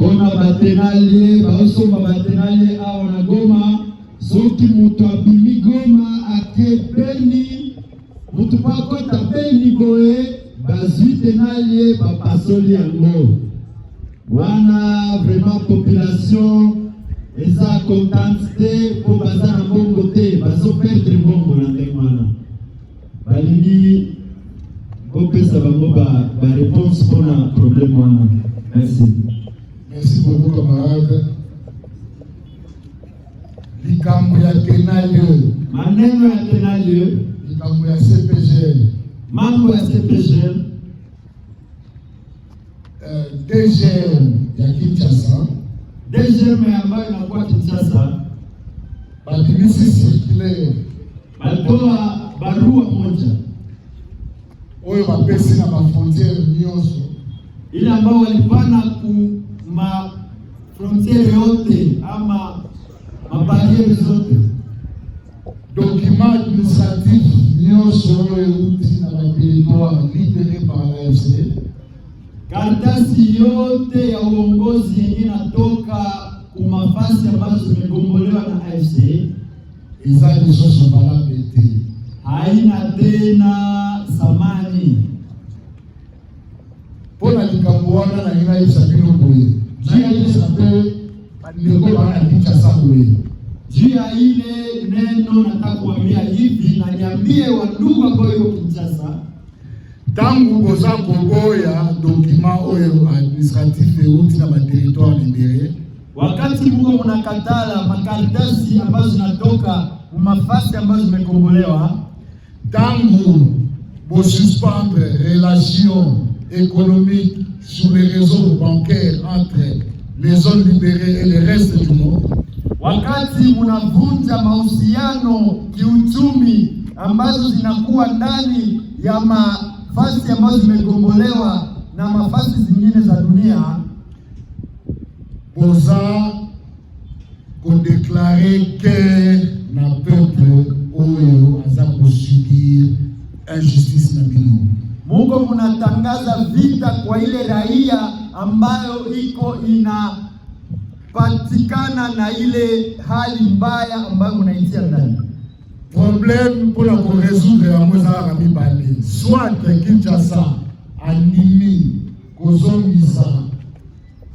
mpona batenalie baosomba batenalie awa na goma soki moto abimi goma ake beni moto mpo akɔta beni boye bazwi tenalie bapasoli yango wana vraiment population eza contante te mpo baza na mbongo te bazoperdre mbongo na ndenge wana balingi kopesa bango bareponse mpona probleme wana merci mambo ya CPGL eh, DGM ya Kinshasa, DGM ambayo inakuwa Kinshasa, bakimisisi kile balitoa barua moja oyo mapesi na mafrontiere nyonso ile ambao walipana ku mafrontiere yote ama mabariere zote document administratif nyonso oyo FC. Karatasi yote ya uongozi yenye natoka kumafasi ambazo zimegombolewa na AFC iza lisusu balabete haina tena samani pona likambo na ina yesa bino boye jia ya ile sape ndeko banapicha kicha boye jia ile neno nataka kuambia hivi, niambie wandugu kwa yo Kinshasa ntango oza koboya dokima oyo administratif euti na materitoire libere wakati muko munakatala makaritasi ambazo zinatoka mumafasi ambazo zimekombolewa ntango bosuspendre relation économique sur les réseaux bancaires entre les zones libérées et le reste du monde wakati munavunja mahusiano kiuchumi ambazo zinakuwa ndani ya ma nafasi ambazo zimegombolewa na nafasi zingine za dunia boza kodeklare ke na peuple oyo aza kushiki injustice na bino. Mungu munatangaza vita kwa ile raia ambayo iko inapatikana na ile hali mbaya ambayo munaitia ndani problème à korésoudre ça mi balé soit kinshasa animi ça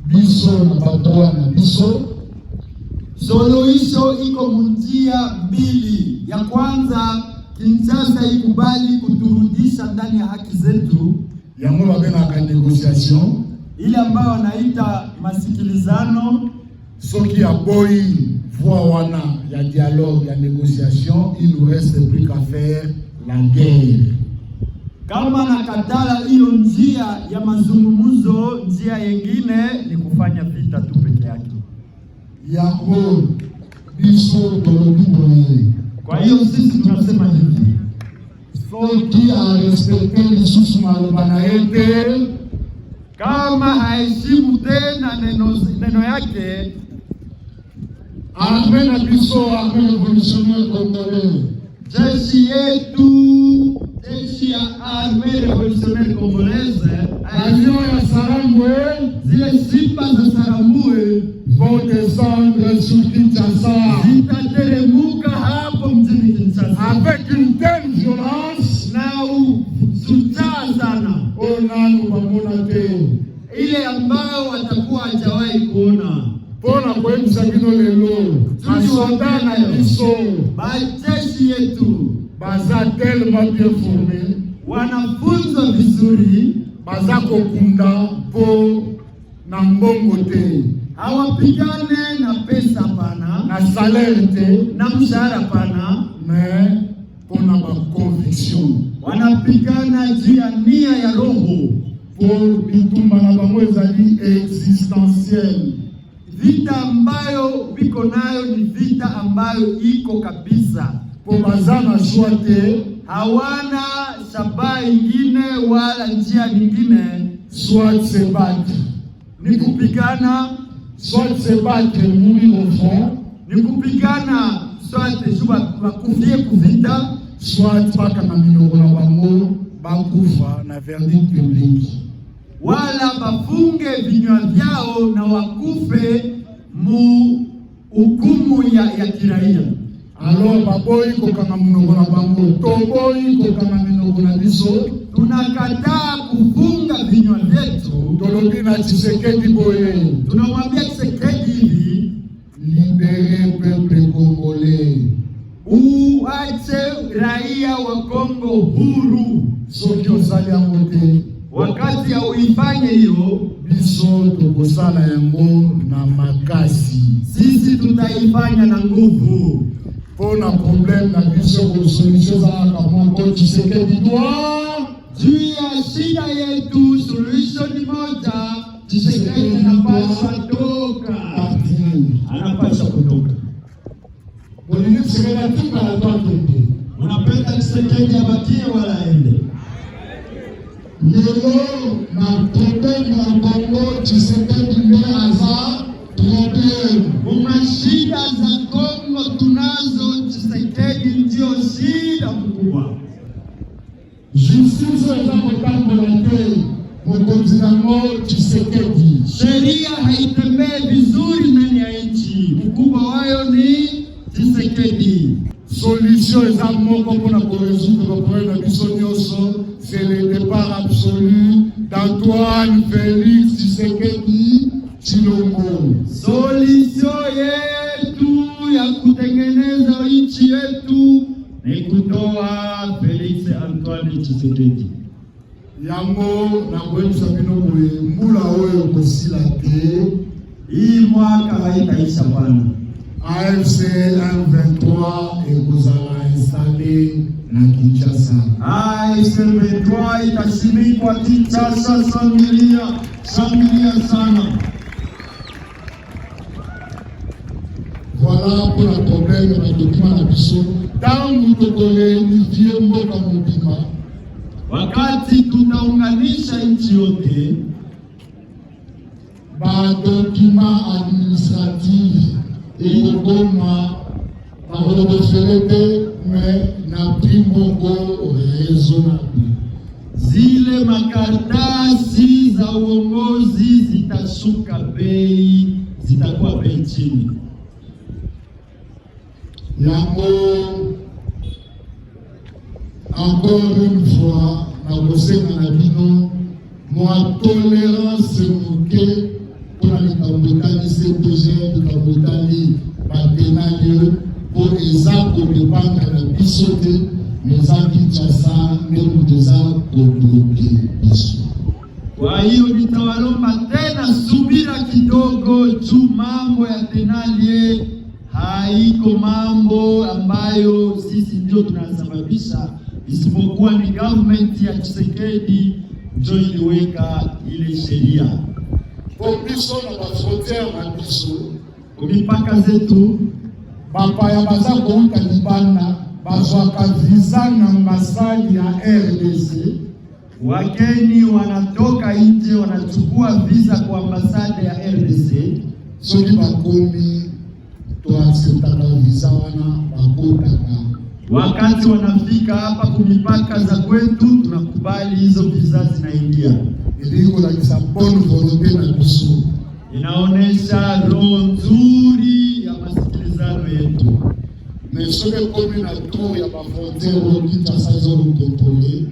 biso na batoa na biso soluhisho iko munjia mbili ya kwanza kinshasa ikubali kuturudisha ndani ya haki zetu yango babengaka negociation ile ambayo wanaita masikilizano soki ya aboyi Voilà, il y a dialogue il y a négociation, il nous reste plus qu'à faire la guerre. Kama nakatala hiyo njia ya mazungumzo, njia yengine ni kufanya vita tu peke yake. yako biso tolobi boye. Kwa hiyo sisi tunasema hivi, soki arespecte lisusu maloba na ye te, kama aheshimu tena neno, neno yake na biso armena revolutionnaire congolais, jeshi yetu, jeshi ya arme revolutionnaire congolaise, avion ya Sarangwe, zile sipa za Sarangwe vont descendre sur Kinshasa. we mzabino lelo masoda na biso bajeshi yetu baza tellement bien formé, wanafunzwa vizuri, baza kokunda po na mbongo te, hawapigane na pesa pana na salere te na mshahara pana, mais mpona baconviction wanapigana juu ya nia ya roho po bitumba na bango ezali existentielle Vita ambayo viko nayo ni vita ambayo iko kabisa popazana swate, hawana shabaha ingine wala njia nyingine swatebate ni kupigana sebate muli mofo ni kupigana swate juba bakufie kuvita swate paka na milongo na bango bakufa na verdict publique wala wafunge vinywa vyao na wakufe mu hukumu ya, ya kiraia alo baboyi kama minoko na bango toboyi kama minoko na biso tunakataa kufunga vinywa vyetu tolobi na Tshisekedi boye tunamwambia Tshisekedi hivi libere peuple congolais uache raia wa Kongo huru soki ozali wakati ya uifanye hiyo biso tukosala yango na makasi, sisi tutaifanya na nguvu mpona problem na biso kosolution zalaka moko Tshisekedi doit juu ya shida yetu solution moja. Tshisekedi anapasha toka, anapasha kutoka bolini Tshisekedi atuka na twatete unapenda Tshisekedi abakie wala ende lelo natembea Kongo Tshisekedi ndiye aza trompe. Shida za Kongo tunazo, Tshisekedi ndio shida kubwa. Justice eza kotambola te mokonzi nango Tshisekedi, sheria haitembee vizuri ndani ya nchi, mkubwa wayo ni Tshisekedi. Solution eza moko mpona korezuka baprobleme na biso sele absolue d'Antoine Félix Tshisekedi Chilombo. Solution yetu ya kutengeneza nchi yetu ni kutoa Felix Antoine Tshisekedi yango nakoyebisa bino boye mbula oyo kosila te hii mwaka haitaisha bwana AFC M23 ikuzana installé na Kinshasa. AFC M23 itasimikwa Kinshasa, samilia samilia sana. Voilà pour la problème na dokima na biso tangu tokoleinivie mboka mobima, wakati tunaunganisha nchi yote badokima administrative Igoma ahodofelete me na Bimongo raisonnable. Zile makaratasi za uongozi zitashuka bei, zitakuwa bei chini yango. Encore une fois na kosenga na bino mwa tolerance moke mpona likambo etanisi epege likambo pour Isaac de dépendre de biso te eza kinshasa nde moto eza kobloke biso. Kwa hiyo nitawalomba tena, subira kidogo juu mambo ya tenalie haiko mambo ambayo sisi ndio tunasababisha, isipokuwa ni government ya chisekedi ndio iliweka ile sheria kwa biso na bafrontiere na biso, mipaka zetu bapaya baza kowuta libanda bazwaka viza na mbasali ya RDC. Wageni wanatoka nje wanachukua viza kwa ambasade ya RDC. Soki bakomi toakseptaka visa wana bakotaka, wakati wanafika hapa kumipaka za kwetu, tunakubali hizo viza zinaingia. Ilikolakisa bon volonte na kusu, inaonesha roho nzuri ya masikini yetu na kumi na tu ya Bafotero kitasazo Lukotole.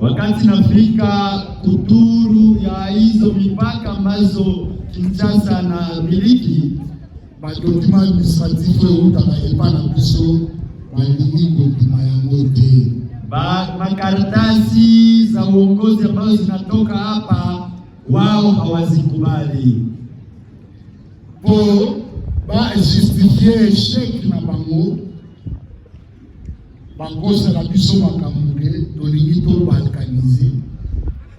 Wakati nafika kuturu ya hizo mipaka ambazo Kinshasa na miliki badokima administratif utakayepa na biso balingi kondima yango te, makaratasi za uongozi ambazo zinatoka hapa wao hawazikubali po bajustifie échec na bango bakosala biso makambo te tolingi tobalkanize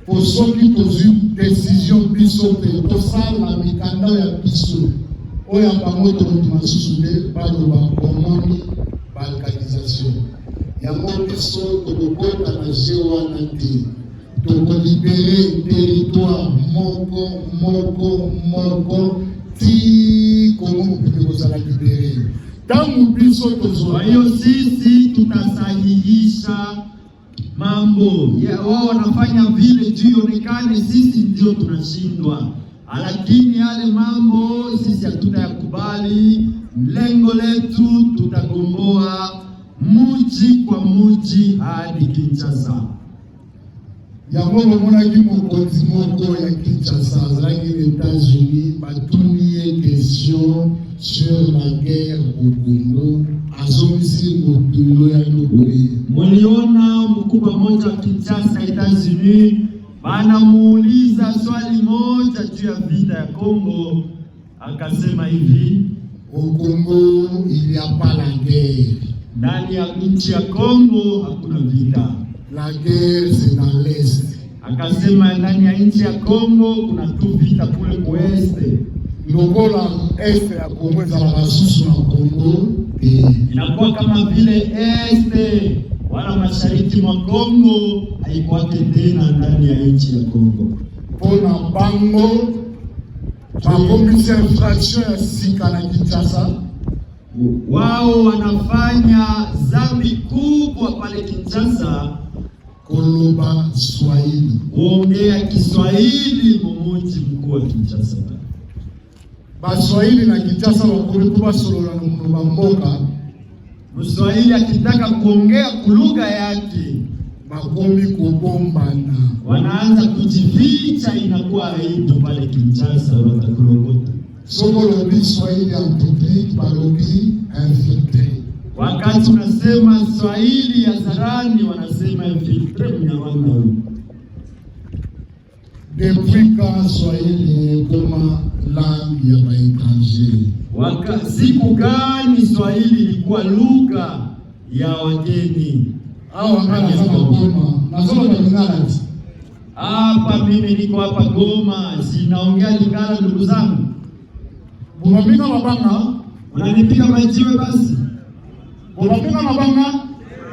po soki tozwi desizio biso te tosala mikanda ya biso oyo bango e tokotuma susu te baloba omoni balkanisation yango biso tokokota na je wana te tokolibere territoire moko moko moko ti tangu Kristo tozoa. hiyo sisi tutasahihisha mambo yeah, wao wanafanya vile tu ionekane sisi ndio tunashindwa, lakini yale mambo sisi hatutayakubali. Lengo letu tutagomboa muji kwa muji hadi Kinshasa. yango bamonaki mokonzi moko ya Kinshasa azalaki Etats-Unis batumie question sur la guerre au Congo azongisi mokilo ya loboye. Muliona mkubwa mmoja wa Kinshasa, Etats-Unis, banamuuliza swali moja juu ya vita ya Kongo, akasema hivi: au Congo il y a pas la guerre, ndani ya nchi ya Kongo hakuna vita. La guerre c'est dans l'est, akasema ndani ya nchi ya Kongo kuna tu vita kule kueste Longola este ya Kongo ezala basusu na Kongo te, inakuwa kama vile este wala mashariki mwa Kongo haikuwake tena ndani ya nchi ya Kongo. Mpona bango bakombisa infraction ya sika na Kinshasa, wao wanafanya zambi kubwa pale Kinshasa, koloba Swahili, kuongea Kiswahili mumuji mkuu wa Kinshasa baswahili na kitasa wakulikuvasololwa nukuluma mboka mswahili akitaka kuongea kulugha yake makomi kugombana, wanaanza kujificha, inakuwa aibu pale Kinshasa, watakulokota somo la swahili ya mtupi balobi infiltre. Wakati unasema swahili ya zarani, wanasema infiltre mnyawanga huko depuis quand swahili koma bangu ya baetranger. Siku gani swahili ilikuwa lugha ya wageni au aaaonaazolotaigalati hapa mimi niko hapa Goma, sinaongea Lingala ndugu zangu. Unapika mabanga, unanipiga majiwe basi. Unapika mabanga,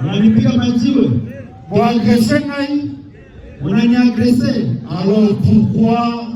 unanipiga majiwe. Boagreshe ngai, unaniagrese. Alors pourquoi